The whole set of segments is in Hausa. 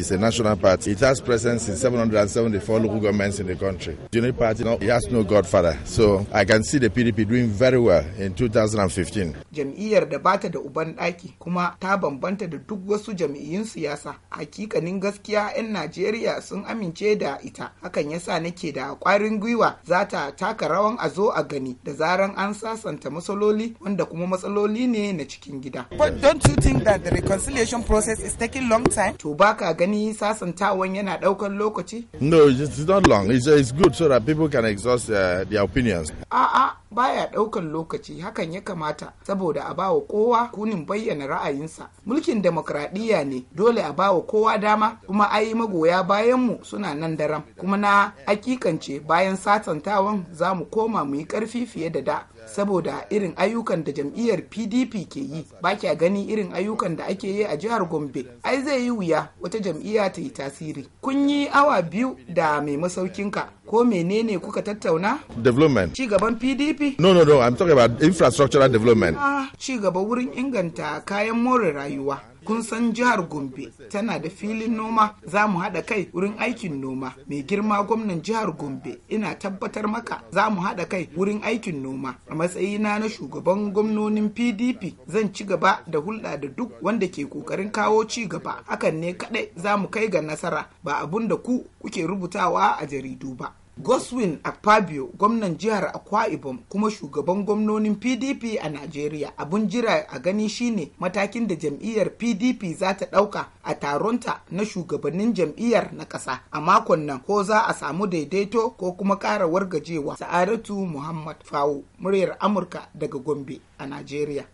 is a national party. It has presence in 774 local governments in the country. The Unity Party no, it has no godfather. So I can see the PDP doing very well in 2015. Jam'iyyar da bata da uban ɗaki kuma ta bambanta da duk wasu jam'iyyun siyasa. Hakikanin gaskiya 'yan Najeriya sun amince da ita. Hakan yasa nake da ƙwarin gwiwa za ta taka rawan a zo a gani da zaran an sasanta matsaloli wanda kuma matsaloli ne na cikin gida. But don't you think that the reconciliation process is taking long time? To baka gani gani sasantawan yana daukan lokaci? No, it's not long. It's, it's good so that people can exhaust uh, their opinions. A'a, baya ɗaukan lokaci hakan ya kamata saboda a bawa kowa kunin bayyana ra'ayinsa mulkin demokradiyya ne dole a bawa kowa dama kuma ai magoya bayanmu suna nan daram kuma na hakikance bayan satantawan za mu koma mu yi ƙarfi fiye da da saboda irin ayyukan da jam'iyyar pdp ke yi ba kya gani irin ayyukan da ake yi a jihar gombe ai zai yi wuya wata jam'iyya ta yi tasiri kun yi awa biyu da mai masaukinka ko menene kuka tattauna? Development. Ci gaban PDP? No, no, no, I'm talking about infrastructural development. Ah, ci gaba wurin inganta kayan more rayuwa. kun san jihar gombe tana da filin noma za mu haɗa kai wurin aikin noma mai girma gwamnan jihar gombe ina tabbatar maka za mu haɗa kai wurin aikin noma a matsayina na shugaban gwamnonin pdp zan ci gaba da hulɗa da duk wanda ke ƙoƙarin kawo ci gaba hakan ne kaɗai za mu kai ga nasara ba abun da ku kuke rubutawa a jaridu ba goswin akpabio gwamnan jihar akwa ibom kuma shugaban gwamnonin pdp a najeriya abun jira a gani shine matakin da jam'iyyar pdp za ta ɗauka a taronta na shugabannin jam'iyyar na ƙasa a makon nan ko za a samu daidaito ko kuma ƙara wargajewa sa'adatu muhammad fawo muryar amurka daga gombe a najeriya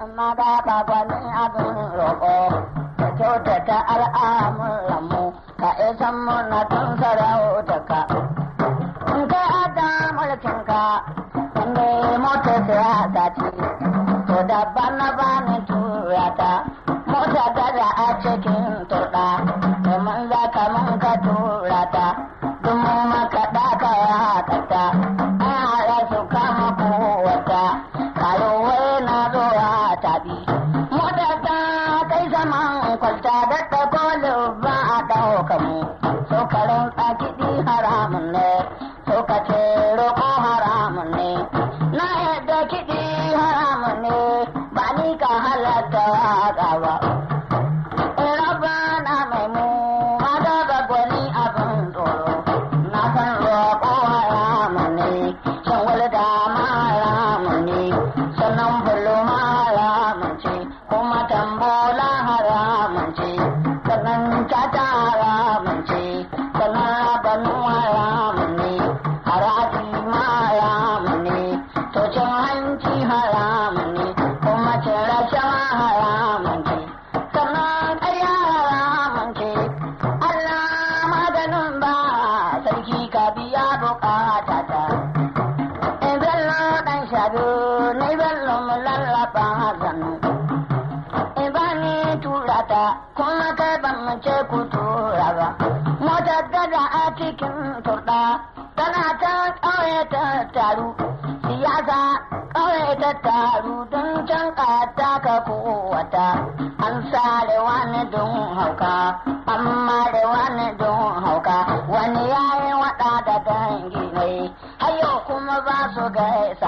amma ba ba abin mata da tagolo ba a ɗauka mu sokarin tsakidi haramun ne sokace roƙo haramun ne na yadda kiɗi kuma kai ban ce ku tura ba mota gada a cikin turɗa tana ta ƙauye ta taru siyasa ƙauye ta taru don can ƙata ka kowata an sare wani don hauka an mare wani don hauka wani yayi waɗa da dangi ne hayo kuma ba su gaisa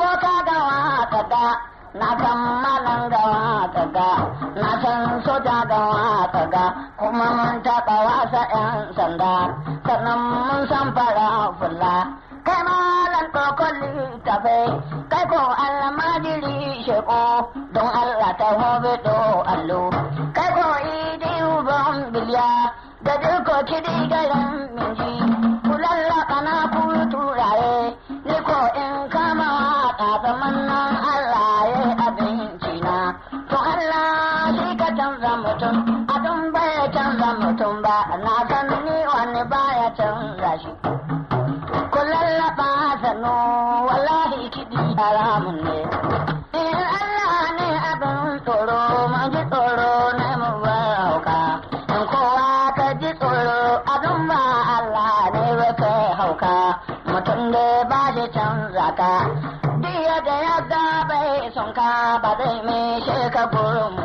boka gawa kaga na san malam gawa kaga na san soja gawa kaga kuma mun taɓa wasa 'yan sanda sannan mun san fara fulla kai malam kokoli tafe kai ko Allah madiri sheko don Allah ta hobe do allo kai ko idi ubon biliya da duk ko kidi garan minji canza mutum adon baya canza mutum ba na san ni wani baya canza shi ku lallaba sanu wallahi kiɗi haramun ne in Allah ne abin tsoro mu ji tsoro ne mu hauka in kowa ka ji tsoro adon ba Allah ne ba kai hauka mutum da ba shi canza ka diya da ya ga bai sun ka ba zai mai mu.